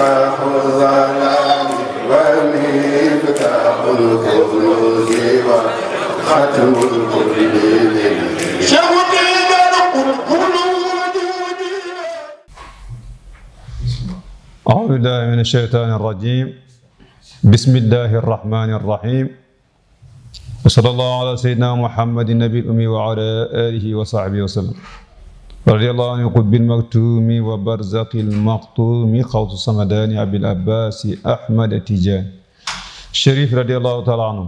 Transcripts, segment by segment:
أعوذ بالله من الشيطان الرجيم بسم الله الرحمن الرحيم وصلى الله على سيدنا محمد النبي الأمي وعلى آله وصحبه وسلم رضي الله عن قطب المكتوم وبرزق المقطوم خوت الصمدان ابي العباس احمد تيجان الشريف رضي الله تعالى عنه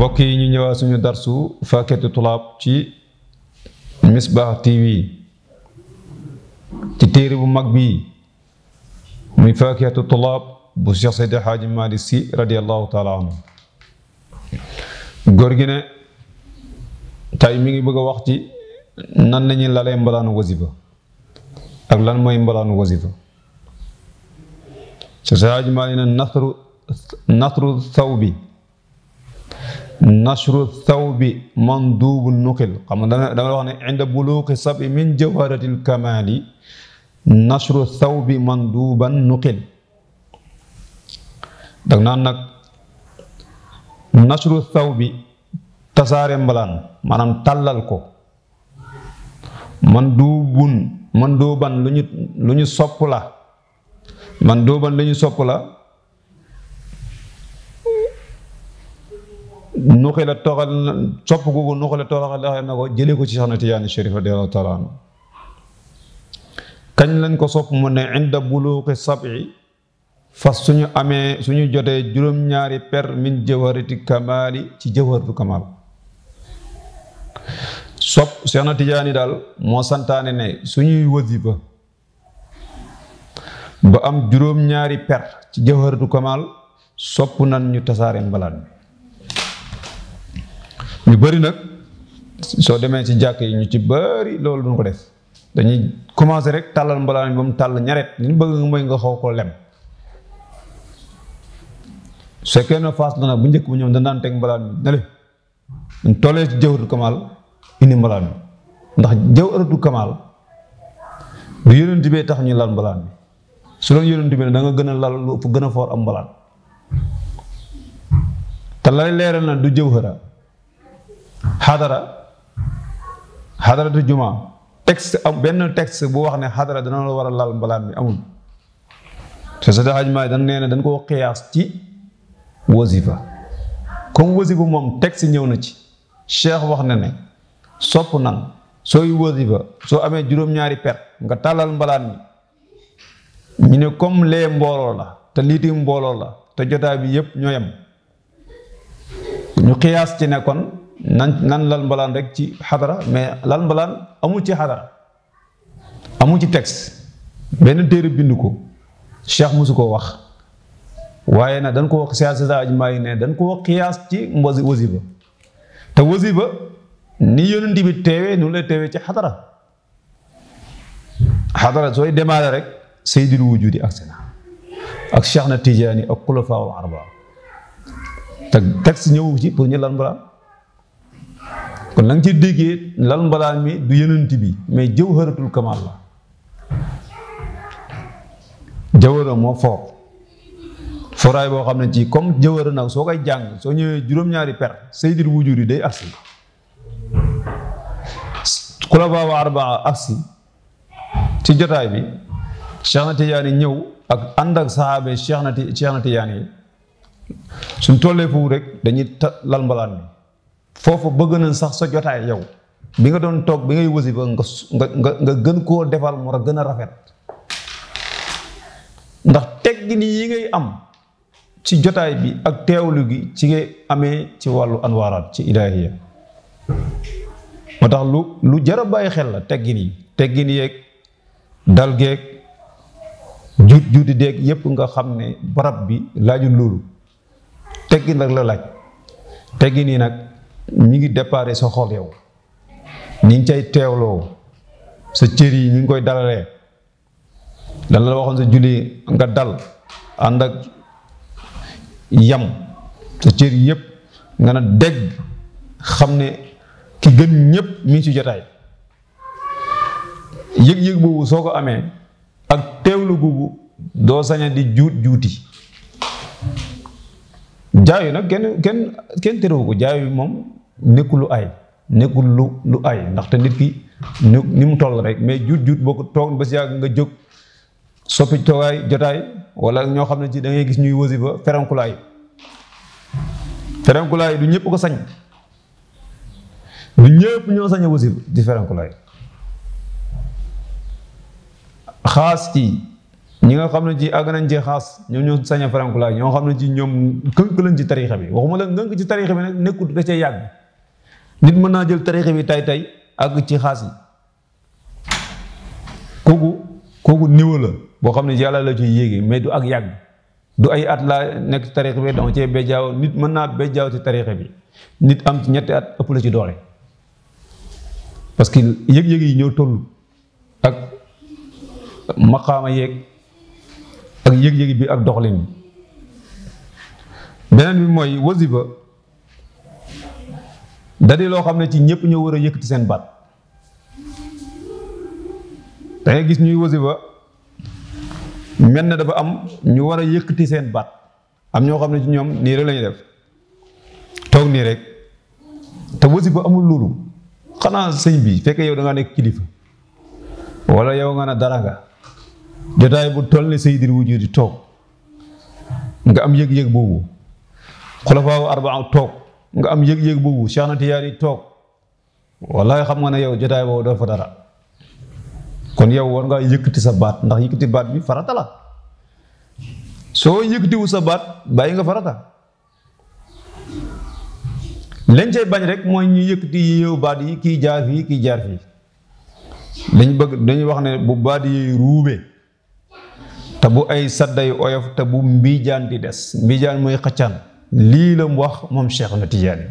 مبكي ني نيوا سونو دارسو فاكيت طلاب تي مصباح تي في تي تيري بو ماك بي مي فاكيت الطلاب بو شيخ سيد حاج مالسي رضي الله تعالى عنه غورغينا تاي ميغي بوغ واخ nan nañu lalee mbalaanu wasifa ak lan mooy mbalaanu wasifa su saaj maa ne nasru nasru thawbi nasru thawbi manduubu nuqil xam nga dama wax ne inda buluuqi sabi min jawharatil kamaali nasru thawbi manduuban dag naan nag nasru thawbi tasaare mbalaan maanaam tàllal ko man duubun man duuban lu lu ñu sopp la man duuban lu ñu sopp la nuxi la toxal na sopp googu nuxi la toxal na ko jëlee ko ci Seexna Tijaani Chérif radiyallaahu taala anhu kañ lañ ko sopp mu ne inda buluuqi sabi fas suñu amee su suñu jotee juróom-ñaari per min jawharati kamaali ci jawharatu kamaal sop Cheikh na Tidiane mo moo santaane ne suñuy wasifa ba am juróom-ñaari per ci jawharatu kamal sop nan ñu tassare mbalaat ñu bari nak so demé ci jakk yi ñu ci bari loolu duñ ko def dañuy commencer rek talal mbalaat bu mu tal ñaret ñu bëgg moy nga xaw ko lem su fekkee na na bu bu ñoom danaan nan tek nale ñu tollee ci kamal indi mbalaan mi ndax jaw ëratu kamaal du yonent bee tax ñu lal mbalaan bi su doon yonent bi ne gën a lal lu gën a foor am mbalaan te lay leeral na du jëwhara xadara xadaratu jumaa texte am benn texte bu wax ne xadara dana la war a lal mbalaan bi amul te sa daxaj maay dañ nee na dañ koo xiyaas ci wasifa comme wasifa moom texte ñëw na ci cheikh wax na ne sopp nan sooy wasifa soo amee juróom-ñaari per nga tàllal mbalaan mi ñu ne comme lee mbooloo la te liiti mbooloo la te jotaay bi yépp ñoo yam ñu xiyaas ci ne kon nan nan lal mbalaan rek ci xadara mais lal mbalaan amul ci xadara amul ci texte benn téere bind ko cheikh mosu koo wax waaye nag dañ ko wax siyaasa ajmaa yi ne dañ ko xiyaas ci wasifa te wasifa ni yonent bi teewee nu la teewee ci xadara xadara sooy demaale rek sayyidul wujudi ak sena ak Cheikh na Tijaani ak xulafaaul arba te texte ñëwu ci pour ñu lal mbalaan kon la ci déggee lal mbalaan mi du yonent bi mais jawharatul kamal la jawara moo foor foraay boo xam ne ci comme jawara nag soo koy jàng soo ñëwee juróom-ñaari per sayyidul wujudi day agsi xulafaa wa arbaa agsi ci jotaay bi Cheikh na ñëw ak ànd ak saxaabe Cheikh na Cheikh yi suñ tollee foofu rek dañuy lal mbalaan bi foofu bëgg nañ sax sa jotaay yow bi nga doon toog bi ngay wasi ba nga gën koo defal mu a gën a rafet ndax teggin yi ngay am ci jotaay bi ak teewlu gi ci nga amee ci wàllu anwaaraat ci ilaahiya moo tax lu lu jar a bàyyi xel la teggin yi teggin yeeg dal geeg juut juuti déeg yépp nga xam ne barab bi laajul loolu teggin rek la laaj teggin yi nag mi ngi déparé sa xol yow ni ngi cay teewloo sa cër yi ñu ngi koy dalalee lan la waxoon sa julli nga dal ànd ak yam sa cër yépp nga na dégg xam ne gën ñëpp mi ngi ci jotaay yëg-yëg boobu soo ko amee ak teewlu googu doo saña di juut juuti jaayu nag kenn kenn kenn terewu ko jaayu moom nekkul lu ay nekkul lu lu ay ndaxte nit ki ni mu toll rek mais juut juut boo ko toog ba si yàgg nga jóg soppi toogaay jotaay wala ñoo xam ne ci dangay gis ñuy wasifa ferenkulaay ferenkulaay du ñëpp ko sañ du ñëpp ñoo sañ a wasir di ferenkulaay xaas ci ñi nga xam ne ci àgg nañ ci xaas ñoom ñoo sañ a ferenkulaay ñoo xam ne ci ñoom kënk lañ ci tariixa bi waxuma la ngënk ci tariixa bi nag nekkut da cee yàgg nit mën naa jël tariixa bi tay tay àgg ci xaas yi kooku kooku niveau la boo xam ne yàlla la ci yéege mais du ak yàgg du ay at laa nekk ci tariixa bi dama cee bejjaaw nit mën naa bejjaaw ci tariixa bi nit am ñetti at ëpp la ci doole parce que yeg yeg yi ñoo toll ak maqama yeg ak yeg yeg bi ak doxlin benen bi moy wasifa dadi lo xamne ci ñepp ñoo wara yekati yëkkati seen baat gis ñuy wasifa melne dafa am ñu wara yekati seen am ñoo xamne ci ñom ni re la def tok ni rek te wasifa amul loolu xanaa sëñ bi fekkee yow da nga nekk kilifa walla yow nga ne dara nga jotaay bu tol ni sayyidil wujudi toog nga am yëg-yëg boobu xulafaawu toog nga am yëg-yëg boobu Cheikh na Tiyaani toog wallaay xam nga ne yow jotaay boobu doo fa dara kon yow war ngaa yëkkati sa baat ndax yëkkati baat bi farata la soo yëkkatiwu sa baat bàyyi nga farata lañ cay bañ rek mooy ñu yëkkati yéew baat yi kii jaar fii kii jaar dañ bëgg dañuy wax ne bu baat yi ruubee te bu ay sadday oyof te bu mbiijaan di des mbiijaan mooy xëccaan lii la mu wax moom Cheikh na Tijaani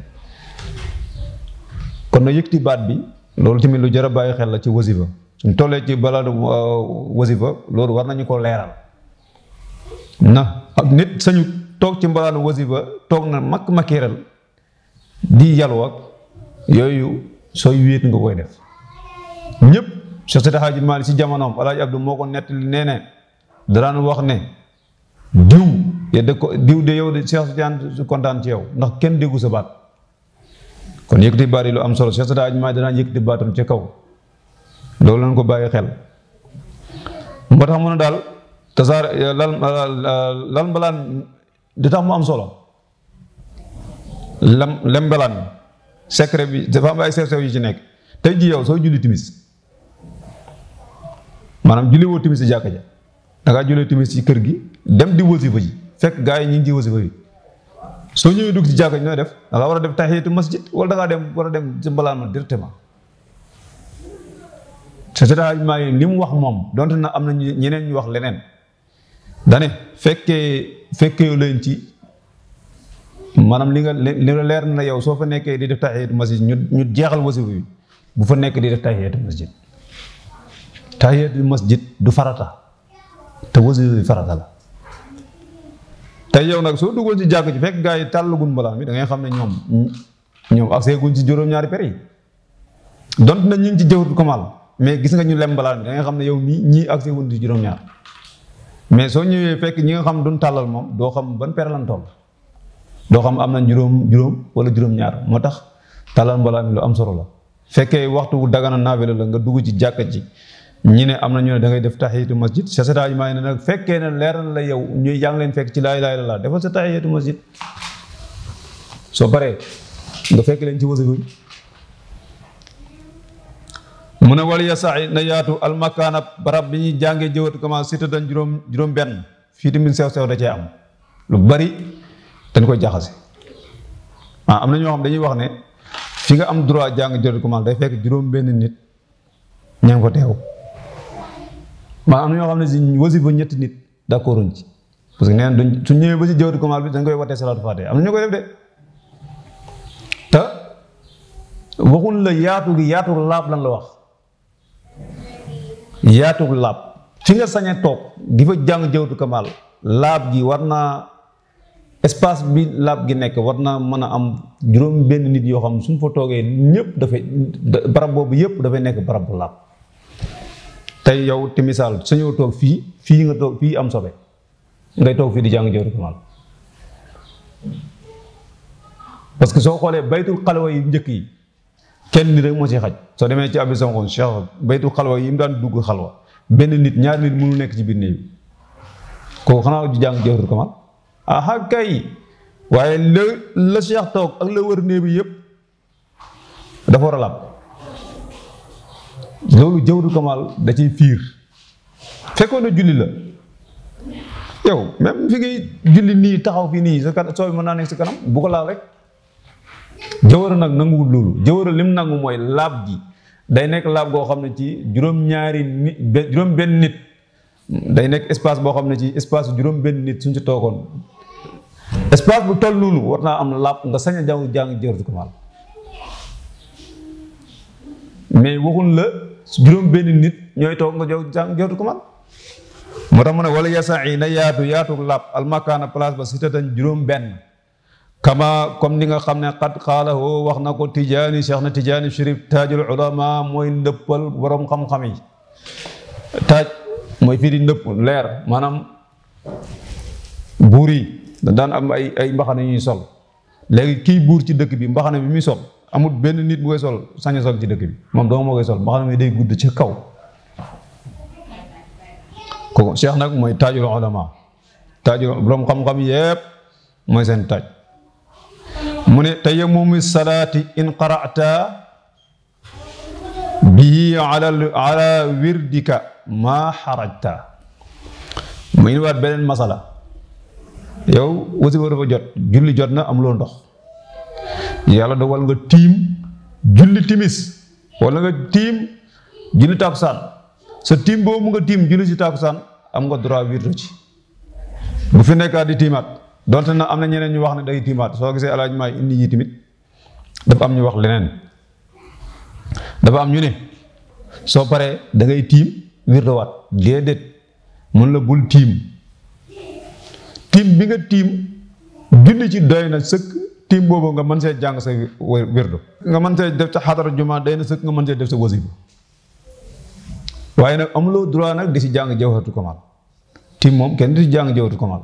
kon na yëkkati baat bi loolu tamit lu jar a bàyyi xel la ci wasifa suñ tollee ci balaa euh, wasifa loolu war nañu ko leeral na nit sañu toog ci mbalaanu wasifa toog na makk makkiiral di yaloo yooyu sooy wéet nga koy def ñëpp Cheikh Seydi Hadji Malick si jamonoom Alaaji Abdu moo ko nettali nee ne daraan wax ne diw ya de ko diw de yow de Cheikh su kontaan ci yow ndax kenn déggu sa baat kon yëkkati baat yi lu am solo Cheikh Seydi Hadji Malick danaan ca kaw loolu lañ ko bàyyi xel moo tax mu ne daal tasaar lal lal mbalaan di tax mu am solo lam lembelaan bi bi dafa am ay sew-sew yu ci nekk tey ji yow soo julli timis maanaam julli woo timis ci jàkka ja dangaa jullee timis ci kër gi dem di wasifa ji fekk gaa yi ñu ngi soo ñëwee dugg ci jàkka ji nooy def dangaa war a def tahiyatu masjid wala dangaa dem war a dem ci mbalaan ma directement c'est-à-dire maa mu wax moom donte na am na ñeneen ñu wax leneen dane fekkee fekkee leen ci maanaam li nga li la leer na yow soo fa nekkee di def taxiyatul masjid ñu ñu jeexal wasifa bi bu fa nekk di def taxiyatul masjid taxiyatul masjid du farata te wasifa bi farata la te yow nag soo duggoon ci jàkk ci fekk gaa yi tàllagun mbalaan bi da ngay xam ne ñoom ñoom ak seeguñ ci juróom-ñaari per yi dont na ñu ngi ci jëwatu kamaal mais gis nga ñu lem mbalaan bi da ngay xam ne yow mii ñii ak seeguñ ci juróom-ñaar mais soo ñëwee fekk ñi nga xam duñ tàllal moom doo xam ban per lan toll doo xam am nañ juróom juróom wala juróom-ñaar moo tax talal mbalaa mi lu am solo la fekkee waxtu dagana naafila la nga dugg ci jàkka ji ñi ne am na ñu ne da ngay def taxiyatu masjid sa sa ma ne nag fekkee ne leer na la yow ñuy jàng leen fekk ci laa ilaaha laa defal sa taxiyatu masjid soo paree nga fekk leen ci wasifa mu ne wal yasaay na yaatu almakaana barab bi ñuy jàngee jëwatu commence sitatan juróom juróom benn fii tamit sew sew da cee am dañ koy jaxase ah am na ñoo xam dañuy wax ne fi nga am droit jàng jël ko day fekk juróom-benn nit ña ngi ko teew maanaam am na ñoo xam ne si wasifa ñetti nit d'accord ci parce que nee duñ su ñëwee ba si jawdi komal bi dañ koy watee salaatu faatiha am na ñu koy def de te waxul la yaatu gi yaatu laab lan la wax yaatu laab fi nga sañee toog di fa jàng jawdi komal laab gi war naa espace bi lab gi nek warna mana am juroom ben nit yo xam suñ fa ñepp da fay barab boobu da fay nek barab lab tay yow ti misal suñu tok fi fi nga tok fi am sobe ngay tok fi di jàng jawru kamaal parce que so xolé baytul khalwa yi njëkk yi kenn nit rek mo ci xaj so demee ci abi sanxoon cheikh baytul khalwa yi mu daan dugg khalwa ben nit ñaar nit mënu nek ci bir néeg ko xana xanaa di jàng jawru mal aha kay waaye la la Cheikh toog ak la wër néeg bi yëpp dafa war a laab loolu jawru kamal da ci fiir fekkoon na julli la yow même fi ngay julli nii taxaw fi nii sa kanam soo mën naa nekk si kanam bu ko laal rek jawara nag nanguwul loolu jawara lim nangu mooy laab gi day nekk laab boo xam ne ci juróom-ñaari nit juróom-benn nit day nekk espace boo xam ne ci espace juróom-benn nit suñ ci toogoon espace bu toll nonu war naa am lap nga sañ jang jeur du ko mal mais waxun la juroom ben nit ñoy tok nga jeur du ko mal motam mo ne wala yasa'i ya yaatu lap al makana place ba cité tatan juroom ben kama kom ni nga xamne qad qalahu waxna na ko tijani cheikh na tijani shirif tajul ulama moy neppal borom xam-xam yi taj moy fii di leer manam buri daan am ay ay mbaxana ñuy sol legi ki bur ci dëkk bi mbaxana bi mi sol amul benn nit bu koy sol sañu sol ci dëkk bi moom dong moo koy sol mbaxana mi day gudd ci kaw kooku cheikh nak moy tajul ulama tajul borom xam-xam yeb moy sen taj mune ne tayammumi salati in qara'ta bihi ala ala wirdika ma harajta muy wat benen masala yow wasifa dafa jot julli jot na am loo ndox yàlla wal nga tiim julli timis wala nga tiim julli tàkkusaan sa tiim boobu nga tiim julli si tàkkusaan am nga droit wiitu ci bu fi nekkaat di tiimaat donte na am na ñeneen ñu wax ne day tiimaat soo gisee alaaj maay indi yi tamit dafa am ñu wax leneen dafa am ñu ne soo paree da ngay tiim wiirdawaat déedéet mun la bul tiim tiim bi nga tiim julli ci doy na sëkk tiim boobu nga mën see jàng sa wirdu nga mën see def sa xadara juma doy na sëkk nga mën see def sa wasifa waaye nag amuloo droit nag di si jàng jawharatul kamal tiim moom kenn di si jàng jawharatul kamal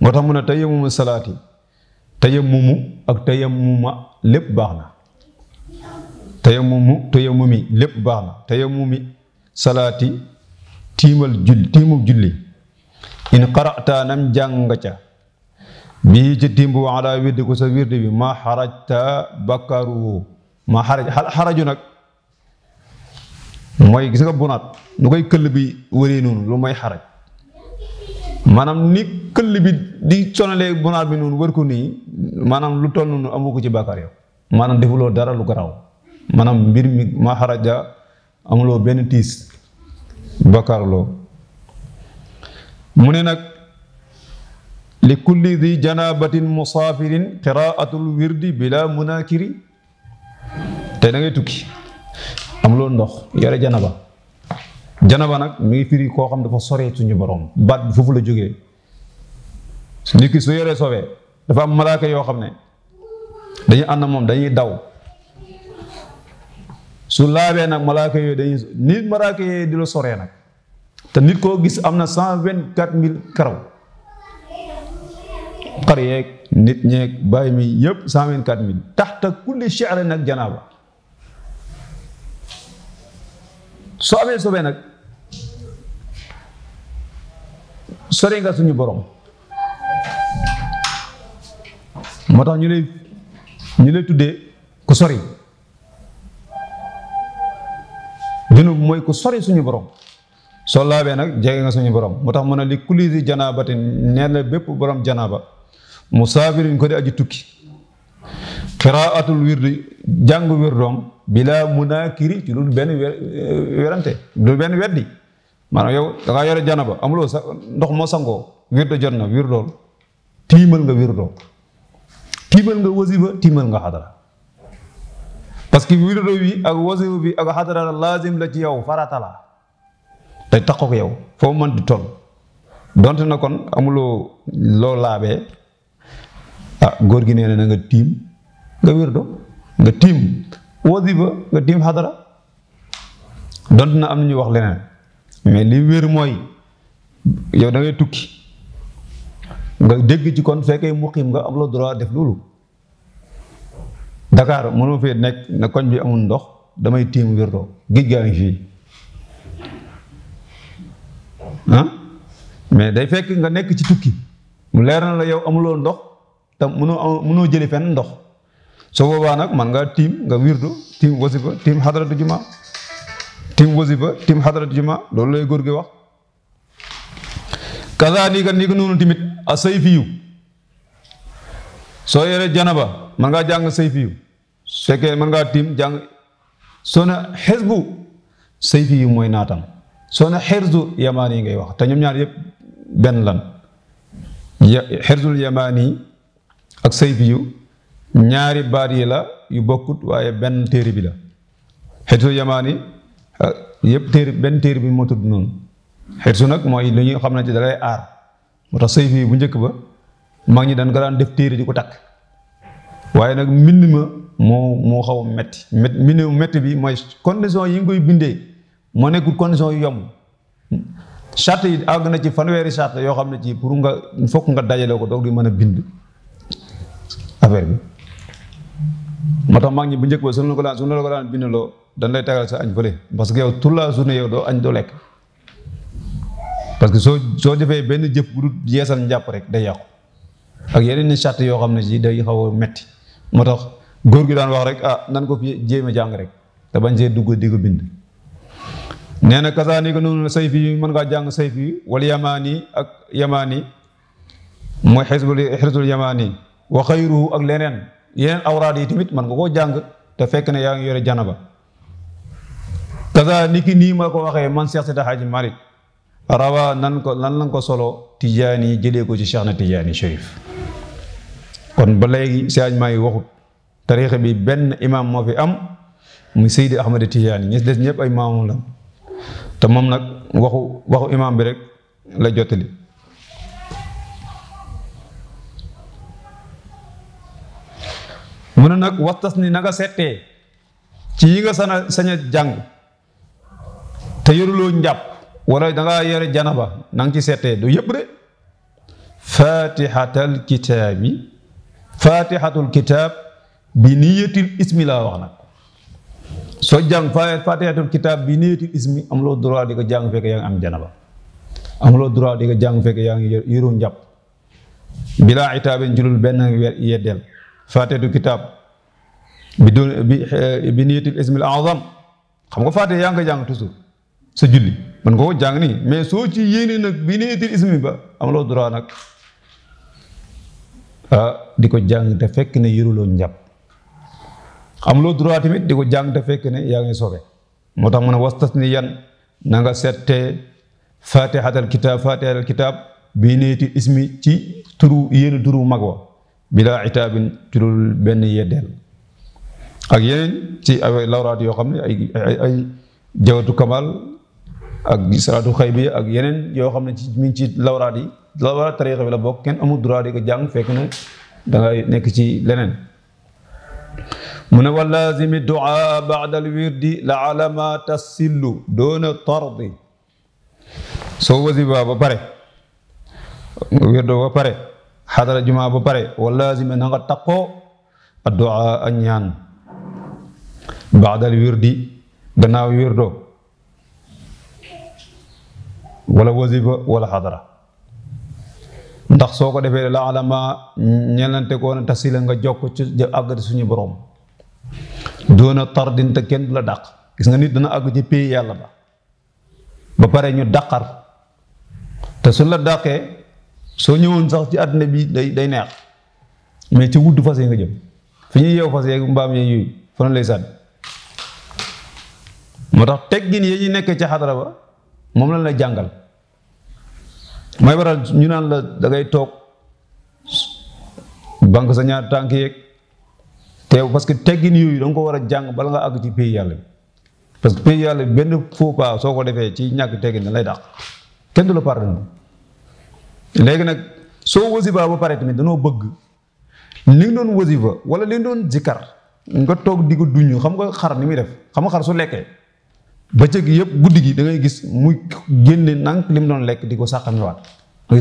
moo tax mu ne tayammumu salaati tayammumu ak tayammuma lépp baax na tayammumu tayammumi lépp baax na tayammumi salaati tiimal julli tiimub julli in qara'ta nam ca bii ci dimb ala wirdi ko sa wirdi bi ma xarajta bakkaru ma xaraj xaraju nag mooy gis nga bunaat nu koy këll bi wëree noonu lu mooy xaraj maanaam ni këll bi di sonalee bunaat bi noonu wër ko nii maanaam lu toll noonu amu ko ci bàkkaar yow maanaam defuloo dara lu garaaw maanaam mbir mi ma xaraja amuloo benn tiis bàkkaarloo mu ne nag li kulli di janabatin musaafirin qiraatul wirdi bila munaakiri te dangay tukki am loolu ndox yore janaba janaba nag mu ngi firi koo xam dafa soree suñu borom baat bi foofu la jógee nit ki su yore soowee dafa am malaaka yoo xam ne dañuy ànd moom dañuy daw su laabee nag malaaka yooyu dañuy nit malaaka yooyu di la soree nag te nit koo gis am na cent vingt quatre mille karaw xar yeeg nit ñeeg bàyyi mi yëpp cent vingt quatre mille taxta kulli chehre nag janaaba soo amee sobee nag sori nga suñu borom moo tax ñu lay ñu lay tuddee ku sori junub mooy ku sori suñu boroom soo laabee nag jege nga suñu borom mu tax mu a li kulisi janaabatin nee na bépp borom janaaba musaafirin ko di aji tukki qiraatul wirdi jàng wirdoom bila munaakiri ci dul benn eh, werante dul benn weddi maanaam yow da ngaa yore janaba amuloo sa ndox moo sangoo wirdo jot na wirdool tiimal nga wirdoo tiimal nga wasifa tiimal nga xadara parce que wirdo bi ak wasifa ak xadara laazim la ci yow faratala te taxoo ko yow foo mën di toll dont na kon amuloo loo laabee ah góor gi nee na nga tiim nga wirdo nga tiim wasiba nga tiim xadara donte na am na ñu wax leneen mais li wér mooy yow da tukki nga dégg ci kon fekkee muqim nga am loo droit def loolu dakaar mënoo fee nekk na koñ bi amul ndox damay tiim wirdo géej gaa ngi fii ah mais day fekk nga nekk ci tukki mu leer la yow amuloo ndox te mënoo mënoo jëli fenn ndox soo boobaa nag man nga tiim nga wirdu tiim wasifa tiim xadaratu juma tiim wasifa tiim xadaratu juma loolu lay góor gi wax kazaalika ni ko noonu timit a sayfiyu soo yore janaba man ngaa jàng sayfiyu su fekkee man ngaa tiim jàng soo ne xesbu sayfiyu mooy naatam soo ne xirzu yamaan yi ngay wax te ñoom ñaar yëpp benn lan xerzul yamaan yi ak sayfiyu ñaari baat yi la yu bokkut waaye benn téere bi la xirsul yamaani yi ah, yëpp téere benn téere bi moo tudd noonu xirsu nag mooy li ñu xam ne ci dalay aar moo tax sayfiyu bu njëkk ba mag ñi daan ko daan def téere di ko takk waaye nag mbind ma moo xaw a metti mbind mu metti bi mooy condition yi nga koy bindee moo nekkul condition yu yomb charte yi àgg na ci fanweeri charte yoo xam ne ci pour nga fokk nga dajale ko doog di mën a bind affaire bi moo tax mag ñi bu njëkk ba suñu la ko daan suñu la ko daan bindaloo dañ lay tegal sa añ fële parce que yow toute la journée yow doo añ doo lekk parce que soo soo defee benn jëf bu dul yeesal njàpp rek day yàqu ak yeneen i charte yoo xam ne ci day xaw a metti moo tax góor gi daan wax rek ah nan ko fi jéem a jàng rek te bañ see dugg di ko bind nee na kasanika noonu sayf yi mën ngaa jàng sayf yi wal yamaani ak yamaani mooy xisbul xisbul yamaani wa xayruhu ak leneen yeneen awraad yi tamit mën nga koo jàng te fekk ne yaa ngi yore janaba kasa niki nii ma ko waxee man Seex Seydi Haaji Maalik rawa nan ko lan lan ko solo Tijaani jëlee ko ci Seex na Tijaani Cherif kon ba léegi siagement yi waxut tariixa bi benn imaam moo fi am muy Seydi Ahmad Tijaani ñi des ñëpp ay maamam la te moom nag waxu waxu imaam bi rek la jottali mu ne nag tas ni na nga settee ci yi nga sana sañ jàng te yoruloo njàpp walla da ngaa yore janaba na nga ci settee du yëpp de fatihatal kitaabi fatihatul kitaab bi niyatil ismi laa wax nag soo jàng fa fatihatul kitaab bi niyetul ismi amuloo droit di ko jàng fekk yaa ngi am janaba amuloo di ko jàng yaa ngi yëru njàpp bilaa itaabin julul benn yeddeel fatihatul kitaab eh, xam nga fatiha yaa ngi ko jàng toujours sa julli mën jàng mais soo ci yéene nag bi niyetul ismi ba amuloo droit nag ah, di ko jàng te fekk ne yëruloo njàpp am loo droit tamit di ko jàng te fekk ne yaa ngi sobe moo tax mu ne tas ni yan nanga nga settee fatihatal kitaab fatihatal kitaab bii neeti ismi ci turu yéen turu mag wa bilaa itaabin ci benn yeddeel ak yeneen ci ay lawraat yoo xam ne ay ay jawatu kamal ak salaatu xëy bi ak yeneen yoo xam ne ci mi ngi ci lawraat yi lawraat tariixa bi la bokk kenn amul droit di ko jàng fekk ne dangay nekk ci leneen mu ne walaazimi duaa baadal wirdi la alama tasillu doona tardi soo wasiba ba pare wirdo ba pare xadara juma ba pare walaazimi na nga taqoo adduaa a ñaan baadal wirdi gannaaw wirdo wala wasiba wala xadara ndax soo ko defee la alama ñelante koona tasila nga jokk ci àggati suñu borom a tardin te kenn du la dàq gis nga nit dana àgg ci pays yàlla ba ba pare ñu dàqar te suñ la dàqee soo ñëwoon sax ci àddina bi day day neex mais ci wudd fas yi nga jëm fi ñuy yeew fas yeeg mbaam yeeg yooyu fan lay sàdd moo tax teggin yi ñu nekk ci xadara ba moom lañ lay jàngal mooy waral ñu naan la da toog banque sa ñaar tànk yeeg te parce que teggin yooyu da nga ko war a jàng bala nga àgg ci pays bi parce que pays yàlla bi benn faux pas soo ko defee ci ñàkk teggin da lay dàq kenn du la pardonné léegi nag soo wasifa ba pare tamit danoo bëgg li nga doon wasifa wala li doon zikkar nga toog di ko duñu xam nga xar ni muy def xam nga xar su lekkee bëccëg yëpp guddi gi da ngay gis muy génne nank li mu doon lekk di ko sàqamiwaat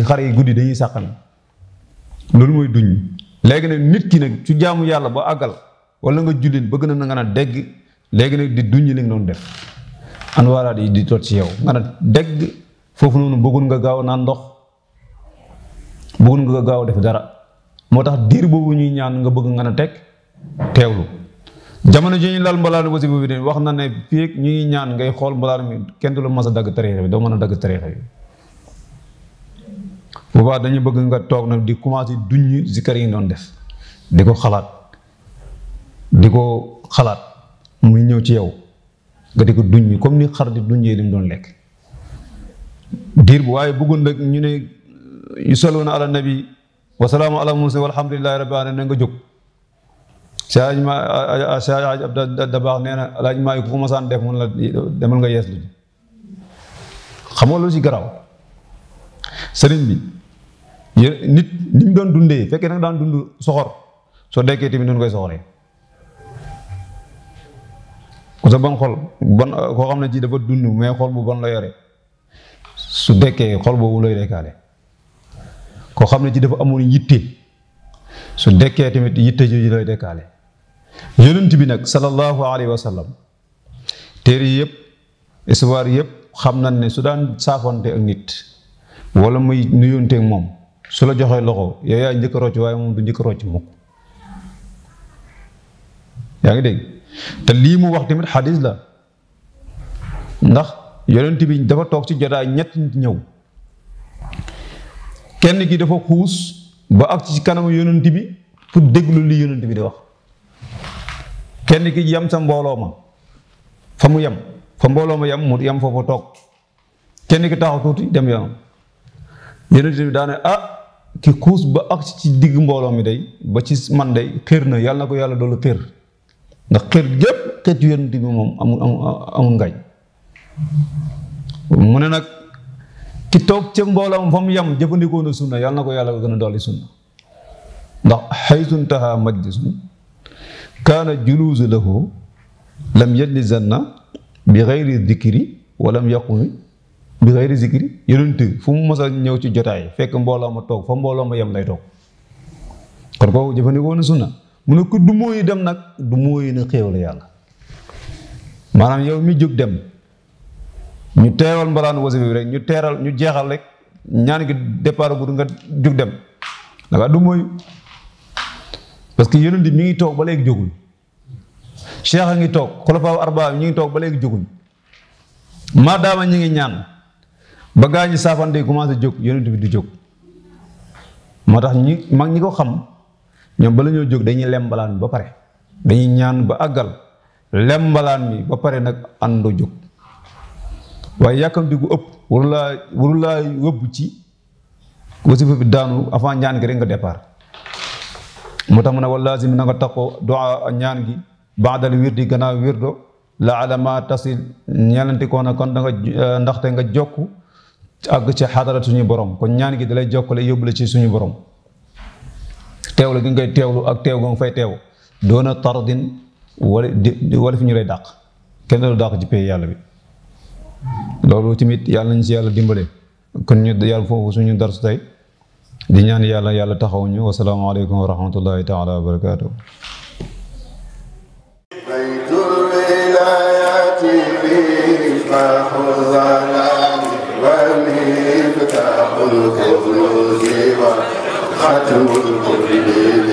xar yi guddi dañuy sàqami loolu mooy duñ léegi nag nit ki nag su jaamu yàlla ba àggal wala nga jullit bëgg na nga na dégg léegi nag di duñu li nga doon def anwaaraat yi di tot ci yow nga na dégg foofu noonu bëggoon nga gaaw naan ndox bëggoon nga gaaw def dara moo tax diir boobu ñuy ñaan nga bëgg nga na teg teewlu jamono ji ñu laal mbalaan wasi boobu de wax na ne fii ñu ngi ñaan ngay xool mbalaan mi kenn du la mas a dagg tariixa bi doo mën a dagg tariixa bi boobaa dañu bëgg nga toog nag di commencé duñu zikkar yi nga doon def di ko xalaat di ko xalaat muy ñëw ci yow nga di ko duñ bi comme ni xar di duñee li mu doon lekk diir bi waaye bëggoon nag ñu ne yu saloona ala nabi wasalaamu ala musa walhamdulilahi rabbil alamin na nga jóg saaj ma saaj da baax nee na laaj maa yi ku ko masaan def mun la demal nga yees lu xam nga lu si garaaw sëriñ bi nit ni mu doon dundee fekke nag daan dund soxor soo dekkee tamit noonu koy soxore ku sa bon xol bon koo xam ne ci dafa dund mais xol bu bon la yore su dekkee xol boobu lay dekkaale koo xam ne ci dafa amoon yitte su dekkee tamit yitte jooju lay dekkaale yonent bi nag sallallahu alayhi wa téere yi yëpp histoire yëpp xam na ne su daan saafonte ak nit wala muy nuyonte moom su la joxee loxo yow yaa njëkk rocc waaye moom du njëkk rocc mukk yaa ngi dégg te lii mu wax tamit xadis la ndax yonent bi dafa toog ci jotaay ñett nit ñëw kenn ki dafa xuus ba ak ci kanam yonent bi pour déglu li yonent bi di wax kenn ki yam sa mbooloo ma fa mu yam fa mbooloo ma yam mu yam foofa toog kenn ki taxaw tuuti dem yoonam yonent bi ah ki xuus ba ak ci digg mbooloo mi day ba ci man day xér na yàlla na ko yàlla doolu xér ndax xér gépp xeet yonent bi moom amul amul ngaañ mu ne nag ki toog ca mbooloom fa mu yem jëfandikoo na sunna yàlla na ko yàlla gën a dolli sunna ndax xaytun taha majlisun kaana juluusu lahu lam yajlisanna bi xayri dikri walam yaqumi bi xëyri zikri yonent fu mu mos a ñëw ci jotaay fekk mbooloo ma toog fa mbooloo ma yem lay toog kon kooku jëfandikoo na sunna mu a ko du mooy dem nag du mooy na xéew la yàlla maanaam yow mi jóg dem ñu teewal mbalaan wasifa rek ñu teeral ñu jeexal rek ñaan gi départ gudd nga jóg dem dangaa du mooy parce que yonent mi ngi toog ba léegi jógul cheikh a ngi toog xulafaaw arbaa ñu ngi toog ba léegi jógul maadaama ñu ngi ñaan ba gaa safan day commencé jog yonent bi di jog motax ñi mag ñi ko xam ñom ba lañu jog dañuy lembalan ba pare dañuy ñaan ba agal lembalan mi ba pare nag jog jóg waaye di gu upp warulaa warulaa wëbb ci wasifa bi daanu avant ñaan gi rek nga départ moo mu lazim na nga taqoo ñaan gi ba'dal wirdi gana wirdo la tasil ñalanti ko na kon da nga eh, ndaxte nga jokku àgg ci xadara suñu borom kon ñaan gi dalay jokkale yóbbu la ci suñu borom teewlu gi ngay teewlu ak teew nga fay teew doona tardin wala wala fi ñu lay dàq kenn du dàq ci pay yàlla bi loolu tamit yàlla nañ si yàlla dimbale kon ñu yàlla foofu suñu darsu tey di ñaan yàlla yàlla taxaw ñu wasalaamaaleykum wa rahmatullahi taala wa barakaatu baytul wilayati bi الكنوز وختم الكل